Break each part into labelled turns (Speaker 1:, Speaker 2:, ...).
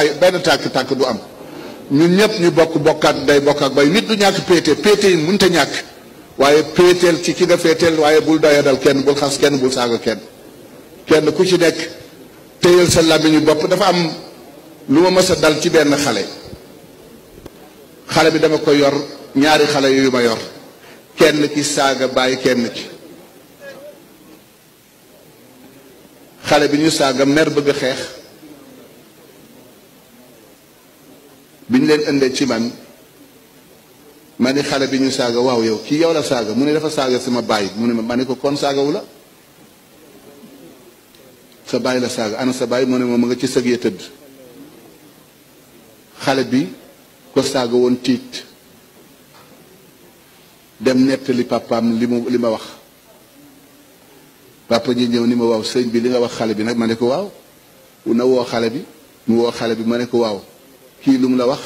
Speaker 1: ay benn tàkk-tàkk du am ñun ñëpp ñu bokk bokkaat nday bokk ak bay nit du ñàkk péete péete yi mënta ñàkk waaye péeteel ci ki nga féeteel waaye bul doyadal kenn bul xas kenn bul saaga kenn kenn ku ci nekk téyal sa làmmiñu bopp dafa am lu ma mës a dal ci benn xale xale bi dama ko yor ñaari xale yu ma yor kenn ki saaga bàyyi kenn ci xale bi ñu saaga mer bëgg a xeex bi ñu leen indee ci man ma ni xale bi ñu saaga waaw yow kii yow la saaga mu ne dafa saaga sama baay mu ne ma ma ne ko kon saagawu la sa baay la saaga ana sa baay mu ne ma ma nga ci sëg ya tëdd xale bi ko saaga woon tiit dem nettali papaam li mu li ma wax papa ñi ñëw ni ma waaw sëñ bi li nga wax xale bi nag ma ne ko waaw na woo xale bi mu woo xale bi ma ne ko waaw kii lu la wax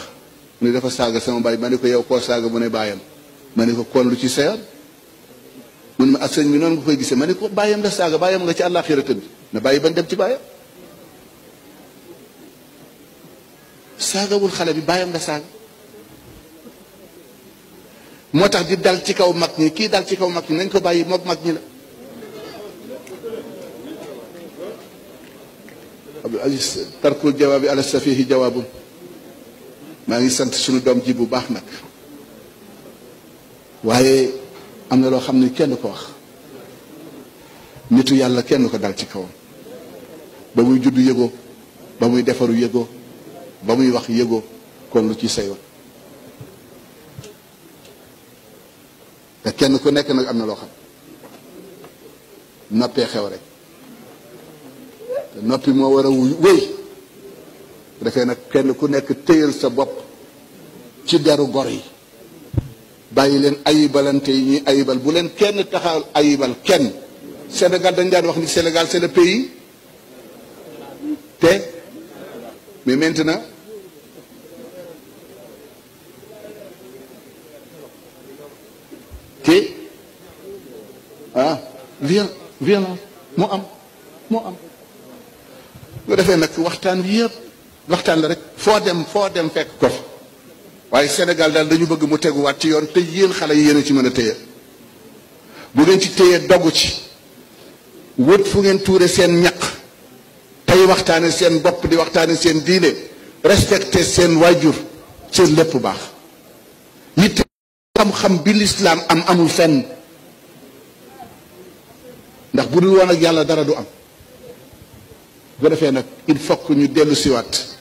Speaker 1: mu ne dafa saaga sama baay ma ni ko yow koo saaga mu ne baayam ma ne ko kon lu ci seer mun ma ak bi noonu nga koy gisee ma ni ko baayam la saaga baayam nga ci àllaaxira tëdd na bàyyi ban dem ci baayam saagawul xale bi baayam la saaga moo di dal ci kaw mag ñi kii dal ci kaw mag ñi nañ ko bàyyi moog mag ñi la Abdul Aziz tarkul jawaabi ala safihi jawaabun maa ngi sant suñu doom ji bu baax nag waaye am na loo xam ne kenn ko wax nitu yàlla kenn ko dal ci kawam ba muy judd yëgoo ba muy defaru yëgoo ba muy wax yëgoo kon lu ci sayoon te kenn ku nekk nag am na loo xam noppee xew rek te noppi moo war a wuy wéy defee nag kenn ku nekk téyal sa bopp ci deru gor yi bàyyi leen ayibalante yi ñuy ayibal bu leen kenn taxaw ayibal kenn Sénégal dañ daan wax ni Sénégal c'est le pays te mais maintenant te ah viol violence moo am moo am nga defee nag waxtaan wi yëpp waxtaan la rek foo dem foo dem fekk ko waaye Sénégal daal dañu bëgg mu teguwaat ci yoon te yéen xale yi yéen a ci mën a téye bu ngeen ci téye dogu ci wut fu ngeen tuure seen ñaq tey waxtaane seen bopp di waxtaane seen diine respecté seen waajur seen lépp baax yitte xam-xam bi lislaam am amul fenn ndax bu dul woon ak yàlla dara du am bu defee nag il faut que ñu dellu siwaat